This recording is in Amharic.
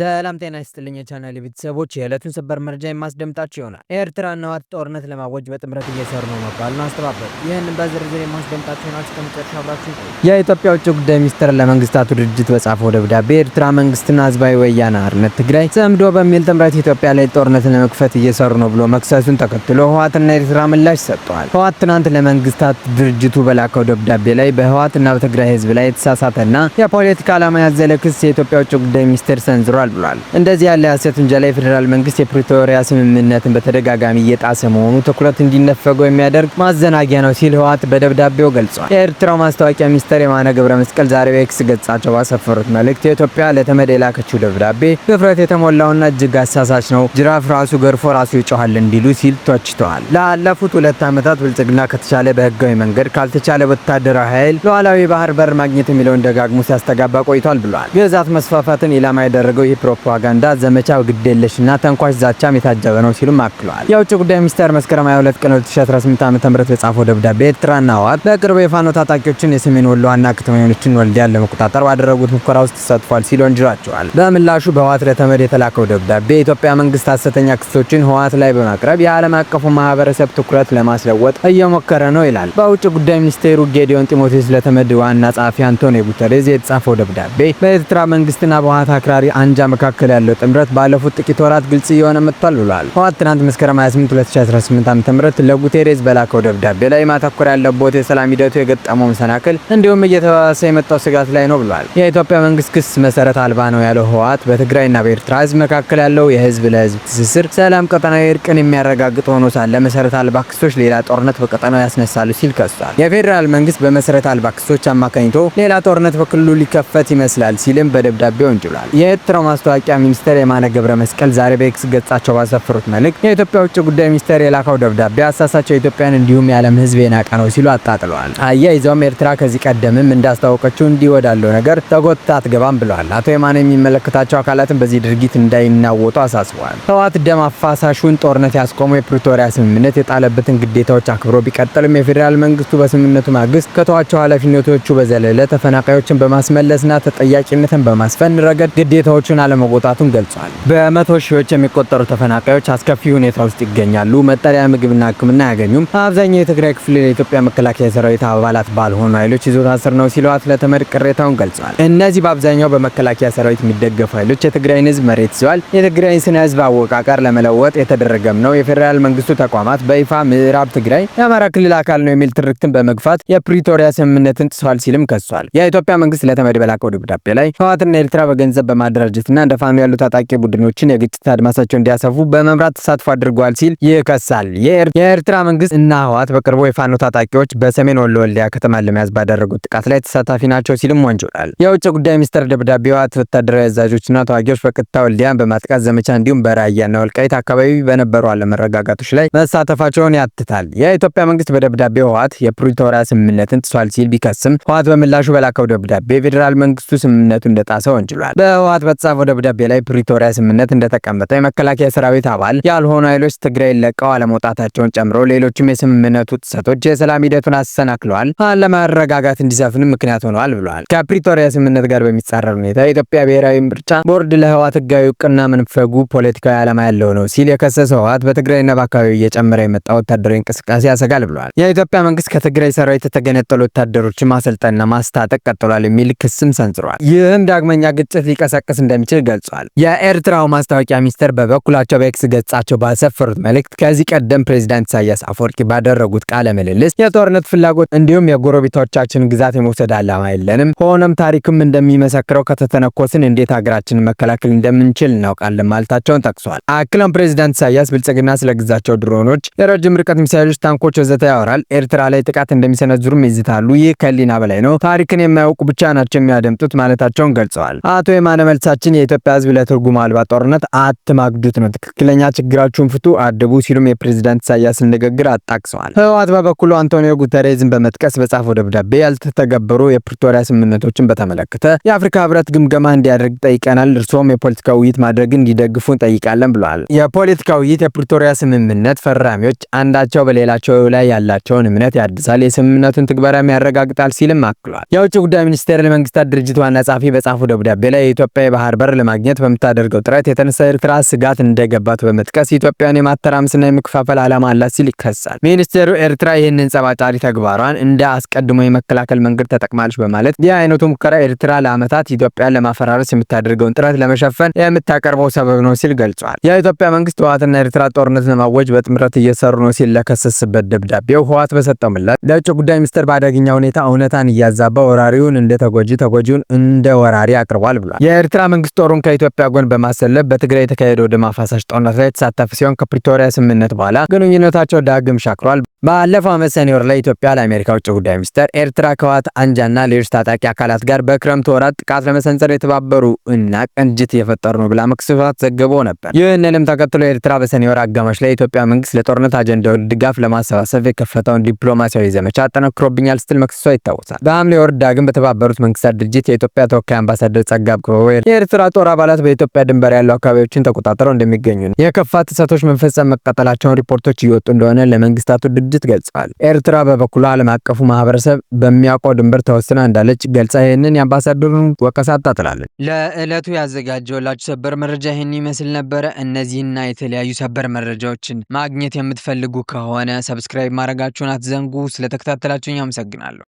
ሰላም ጤና ይስጥልኝ የቻናል ቤተሰቦች፣ የዕለቱን ሰበር መረጃ የማስደምጣችሁ ይሆናል። ኤርትራና ህወሓት ጦርነት ለማወጅ በጥምረት እየሰሩ ነው ነው አስተባበሉ። ይህንን በዝርዝር የማስደምጣችሁ ይሆናል። እስከ መጨረሻ አብራችሁ የኢትዮጵያ ውጭ ጉዳይ ሚኒስትር ለመንግስታቱ ድርጅት በጻፈው ደብዳቤ ኤርትራ መንግስትና ህዝባዊ ወያነ ሓርነት ትግራይ ሰምዶ በሚል ጥምረት ኢትዮጵያ ላይ ጦርነትን ለመክፈት እየሰሩ ነው ብሎ መክሰሱን ተከትሎ ህወሓትና ኤርትራ ምላሽ ሰጥተዋል። ህወሓት ትናንት ለመንግስታት ድርጅቱ በላከው ደብዳቤ ላይ በህወሓትና በትግራይ ህዝብ ላይ የተሳሳተና የፖለቲካ ዓላማ ያዘለ ክስ የኢትዮጵያ ውጭ ጉዳይ ሚኒስቴር ሰንዝሯል ይገኛል ብሏል። እንደዚህ ያለ የሀሰት ውንጀላ የፌዴራል መንግስት የፕሪቶሪያ ስምምነትን በተደጋጋሚ እየጣሰ መሆኑ ትኩረት እንዲነፈገው የሚያደርግ ማዘናጊያ ነው ሲል ህወሓት በደብዳቤው ገልጿል። የኤርትራው ማስታወቂያ ሚኒስትር የማነ ገብረ መስቀል ዛሬ በኤክስ ገጻቸው ባሰፈሩት መልእክት የኢትዮጵያ ለተመድ የላከችው ደብዳቤ በፍረት የተሞላውና እጅግ አሳሳች ነው፣ ጅራፍ ራሱ ገርፎ ራሱ ይጮኋል እንዲሉ ሲል ተችተዋል። ላለፉት ሁለት ዓመታት ብልጽግና ከተቻለ በህጋዊ መንገድ ካልተቻለ ወታደራዊ ኃይል ሉዓላዊ ባህር በር ማግኘት የሚለውን ደጋግሞ ሲያስተጋባ ቆይቷል ብሏል። ግዛት መስፋፋትን ኢላማ ያደረገው ፕሮፓጋንዳ ዘመቻው ግዴለሽና ተንኳሽ ዛቻም የታጀበ ነው ሲሉም አክለዋል። የውጭ ጉዳይ ሚኒስቴር መስከረም 22 ቀን 2018 ዓ.ም በጻፈው ደብዳቤ ኤርትራና ህወሓት በቅርቡ የፋኖ ታጣቂዎችን የሰሜን ወሎ ዋና ከተማ የሆነችን ወልዲያን ለመቆጣጠር ባደረጉት ሙከራ ውስጥ ተሳትፏል ሲሉ ወንጅሏቸዋል። በምላሹ በህወሓት ለተመድ የተላከው ደብዳቤ የኢትዮጵያ መንግስት አሰተኛ ክሶችን ህወሓት ላይ በማቅረብ የዓለም አቀፉ ማህበረሰብ ትኩረት ለማስለወጥ እየሞከረ ነው ይላል። በውጭ ጉዳይ ሚኒስቴሩ ጌዲዮን ጢሞቴስ ለተመድ ዋና ጸሐፊ አንቶኒ ጉተሬዝ የተጻፈው ደብዳቤ በኤርትራ መንግስትና በህወሓት አክራሪ አንጃ መካከል ያለው ጥምረት ባለፉት ጥቂት ወራት ግልጽ እየሆነ መጥቷል ብሏል። ህወሓት ትናንት መስከረም 28 2018 ዓ.ም ለጉቴሬዝ በላከው ደብዳቤ ላይ ማተኮር ያለበት የሰላም ሂደቱ የገጠመው መሰናክል እንዲሁም እየተባባሰ የመጣው ስጋት ላይ ነው ብሏል። የኢትዮጵያ መንግስት ክስ መሰረት አልባ ነው ያለው ህወሓት በትግራይና በኤርትራ ህዝብ መካከል ያለው የህዝብ ለህዝብ ትስስር ሰላም ቀጠናዊ እርቅን የሚያረጋግጥ ሆኖ ሳለ መሰረት አልባ ክሶች ሌላ ጦርነት በቀጠናው ያስነሳሉ ሲል ከሷል። የፌዴራል መንግስት በመሰረት አልባ ክሶች አማካኝቶ ሌላ ጦርነት በክልሉ ሊከፈት ይመስላል ሲልም በደብዳቤው ወንጅሏል። የኤርትራው ማስታወቂያ ሚኒስቴር የማነ ገብረ መስቀል ዛሬ በኤክስ ገጻቸው ባሰፈሩት መልእክት የኢትዮጵያ ውጭ ጉዳይ ሚኒስቴር የላከው ደብዳቤ አሳሳቸው ኢትዮጵያን እንዲሁም የዓለም ሕዝብ የናቀ ነው ሲሉ አጣጥለዋል። አያይዘውም ኤርትራ ከዚህ ቀደምም እንዳስታወቀችው እንዲህ ወዳለው ነገር ተጎትታ አትገባም ብለዋል። አቶ የማነ የሚመለከታቸው አካላትን በዚህ ድርጊት እንዳይናወጡ አሳስበዋል። ህወሓት ደም አፋሳሹን ጦርነት ያስቆመው የፕሪቶሪያ ስምምነት የጣለበትን ግዴታዎች አክብሮ ቢቀጥልም የፌዴራል መንግስቱ በስምምነቱ ማግስት ከተዋቸው ኃላፊነቶቹ በዘለለ ተፈናቃዮችን በማስመለስና ተጠያቂነትን በማስፈን ረገድ ግዴታዎቹን ፈተና ለመወጣቱን ገልጿል። በመቶ ሺዎች የሚቆጠሩ ተፈናቃዮች አስከፊ ሁኔታ ውስጥ ይገኛሉ። መጠለያ፣ ምግብና ህክምና አያገኙም። አብዛኛው የትግራይ ክፍል የኢትዮጵያ መከላከያ ሰራዊት አባላት ባልሆኑ ኃይሎች ይዞታ ስር ነው ሲሉ ለተመድ ቅሬታውን ገልጿል። እነዚህ በአብዛኛው በመከላከያ ሰራዊት የሚደገፉ ኃይሎች የትግራይን ህዝብ መሬት ይዘዋል። የትግራይን ስነ ህዝብ አወቃቀር ለመለወጥ የተደረገም ነው። የፌዴራል መንግስቱ ተቋማት በይፋ ምዕራብ ትግራይ የአማራ ክልል አካል ነው የሚል ትርክትን በመግፋት የፕሪቶሪያ ስምምነትን ጥሷል ሲልም ከሷል። የኢትዮጵያ መንግስት ለተመድ በላከው ደብዳቤ ላይ ህወሓትና ኤርትራ በገንዘብ በማደራጀት እና እንደ ፋኖ ያሉ ታጣቂ ቡድኖችን የግጭት አድማሳቸው እንዲያሰፉ በመምራት ተሳትፎ አድርጓል ሲል ይከሳል። የኤርትራ መንግስት እና ህወሓት በቅርቡ የፋኖ ታጣቂዎች በሰሜን ወሎ ወልዲያ ከተማ ለመያዝ ባደረጉት ጥቃት ላይ ተሳታፊ ናቸው ሲልም ወንጅሏል። የውጭ ጉዳይ ሚኒስቴር ደብዳቤ ህወሓት ወታደራዊ አዛዦችና ተዋጊዎች በቀጥታ ወልዲያን በማጥቃት ዘመቻ እንዲሁም በራያና ወልቃይት አካባቢ በነበሩ አለመረጋጋቶች ላይ መሳተፋቸውን ያትታል። የኢትዮጵያ መንግስት በደብዳቤው ህወሓት የፕሪቶሪያ ስምምነትን ጥሷል ሲል ቢከስም ህወሓት በምላሹ በላከው ደብዳቤ የፌዴራል መንግስቱ ስምምነቱ እንደጣሰ ወንጅሏል። በህወሓት በተጻፈ በጻፈው ደብዳቤ ላይ ፕሪቶሪያ ስምምነት እንደተቀመጠ የመከላከያ ሰራዊት አባል ያልሆኑ ኃይሎች ትግራይ ለቀው አለመውጣታቸውን ጨምሮ ሌሎችም የስምምነቱ ጥሰቶች የሰላም ሂደቱን አሰናክለዋል፣ አለመረጋጋት እንዲሰፍን ምክንያት ሆነዋል ብለዋል። ከፕሪቶሪያ ስምምነት ጋር በሚጻረር ሁኔታ የኢትዮጵያ ብሔራዊ ምርጫ ቦርድ ለህወሓት ህጋዊ እውቅና መንፈጉ ፖለቲካዊ ዓላማ ያለው ነው ሲል የከሰሰው ህወሓት በትግራይና በአካባቢው እየጨመረ የመጣ ወታደራዊ እንቅስቃሴ ያሰጋል ብለዋል። የኢትዮጵያ መንግስት ከትግራይ ሰራዊት የተገነጠሉ ወታደሮችን ማሰልጠንና ማስታጠቅ ቀጥሏል የሚል ክስም ሰንዝሯል። ይህም ዳግመኛ ግጭት ሊቀሰቅስ እንደሚችል እንደሚችል ገልጿል። የኤርትራው ማስታወቂያ ሚኒስትር በበኩላቸው በኤክስ ገጻቸው ባሰፈሩት መልእክት ከዚህ ቀደም ፕሬዚዳንት ኢሳያስ አፈወርቂ ባደረጉት ቃለ ምልልስ የጦርነት ፍላጎት እንዲሁም የጎረቤቶቻችን ግዛት የመውሰድ አላማ የለንም። ሆኖም ታሪክም እንደሚመሰክረው ከተተነኮስን እንዴት ሀገራችንን መከላከል እንደምንችል እናውቃለን ማለታቸውን ጠቅሷል። አክለም ፕሬዚዳንት ኢሳያስ ብልጽግና ስለግዛቸው ድሮኖች፣ የረጅም ርቀት ሚሳይሎች፣ ታንኮች ወዘተ ያወራል። ኤርትራ ላይ ጥቃት እንደሚሰነዝሩም ይዝታሉ። ይህ ከሊና በላይ ነው። ታሪክን የማያውቁ ብቻ ናቸው የሚያደምጡት ማለታቸውን ገልጸዋል። አቶ የማነ መልሳችን የኢትዮጵያ ህዝብ ለትርጉም አልባ ጦርነት አትማግዱት ነው፣ ትክክለኛ ችግራችሁን ፍቱ፣ አድቡ ሲሉም የፕሬዚዳንት ኢሳያስን ንግግር አጣቅሰዋል። ህወሓት በበኩሉ አንቶኒዮ ጉተሬዝን በመጥቀስ በጻፈው ደብዳቤ ያልተተገበሩ የፕሪቶሪያ ስምምነቶችን በተመለከተ የአፍሪካ ህብረት ግምገማ እንዲያደርግ ጠይቀናል፣ እርስዎም የፖለቲካ ውይይት ማድረግ እንዲደግፉ እንጠይቃለን ብለዋል። የፖለቲካ ውይይት የፕሪቶሪያ ስምምነት ፈራሚዎች አንዳቸው በሌላቸው ላይ ያላቸውን እምነት ያድሳል፣ የስምምነቱን ትግበራም ያረጋግጣል ሲልም አክሏል። የውጭ ጉዳይ ሚኒስቴር ለመንግስታት ድርጅት ዋና ጸሐፊ በጻፉ ደብዳቤ ላይ የኢትዮጵያ የባህር በር ዶላር ለማግኘት በምታደርገው ጥረት የተነሳ ኤርትራ ስጋት እንደገባት በመጥቀስ ኢትዮጵያን የማተራመስና የመከፋፈል ዓላማ አላት ሲል ይከሳል። ሚኒስቴሩ ኤርትራ ይህንን ጸባጫሪ ተግባሯን እንደ አስቀድሞ የመከላከል መንገድ ተጠቅማለች በማለት ይህ አይነቱ ሙከራ ኤርትራ ለዓመታት ኢትዮጵያን ለማፈራረስ የምታደርገውን ጥረት ለመሸፈን የምታቀርበው ሰበብ ነው ሲል ገልጿል። የኢትዮጵያ መንግስት ህወሓትና ኤርትራ ጦርነት ለማወጅ በጥምረት እየሰሩ ነው ሲል ለከሰስበት ደብዳቤው ህወሓት በሰጠው ምላሽ ለውጭ ጉዳይ ሚኒስትር በአደገኛ ሁኔታ እውነታን እያዛባ ወራሪውን እንደ ተጎጂ ተጎጂውን እንደ ወራሪ አቅርቧል ብሏል። የኤርትራ መንግስት ጦሩን ከኢትዮጵያ ጎን በማሰለፍ በትግራይ የተካሄደው ደም አፋሳሽ ጦርነት ላይ የተሳተፈ ሲሆን ከፕሪቶሪያ ስምምነት በኋላ ግንኙነታቸው ዳግም ሻክሯል። ባለፈው ዓመት ሰኔ ወር ላይ ኢትዮጵያ ለአሜሪካ ውጭ ጉዳይ ሚኒስቴር ኤርትራ ከህወሓት አንጃና ሌሎች ታጣቂ አካላት ጋር በክረምት ወራት ጥቃት ለመሰንዘር የተባበሩ እና ቅንጅት የፈጠሩ ነው ብላ መክሰፋት ዘግቦ ነበር። ይህንንም ተከትሎ ኤርትራ በሰኔ ወር አጋማሽ ላይ የኢትዮጵያ መንግስት ለጦርነት አጀንዳ ድጋፍ ለማሰባሰብ የከፈተውን ዲፕሎማሲያዊ ዘመቻ አጠነክሮብኛል ስትል መክሰሷ ይታወሳል። በሐምሌ ወር ዳግም በተባበሩት መንግስታት ድርጅት የኢትዮጵያ ተወካይ አምባሳደር ጸጋብ ክበበ የኤርትራ ጦር አባላት በኢትዮጵያ ድንበር ያሉ አካባቢዎችን ተቆጣጥረው እንደሚገኙ ነው፣ የከፋ ጥሰቶች መፈጸም መቀጠላቸውን ሪፖርቶች እየወጡ እንደሆነ ለመንግስታቱ ድርጅት ገልጸዋል። ኤርትራ በበኩሏ ዓለም አቀፉ ማህበረሰብ በሚያውቀው ድንበር ተወስና እንዳለች ገልጻ ይህንን የአምባሳደሩን ወቀሳ ታጥላለች። ለዕለቱ ያዘጋጀውላችሁ ሰበር መረጃ ይህን ይመስል ነበረ። እነዚህና የተለያዩ ሰበር መረጃዎችን ማግኘት የምትፈልጉ ከሆነ ሰብስክራይብ ማድረጋችሁን አትዘንጉ። ስለተከታተላችሁኝ አመሰግናለሁ።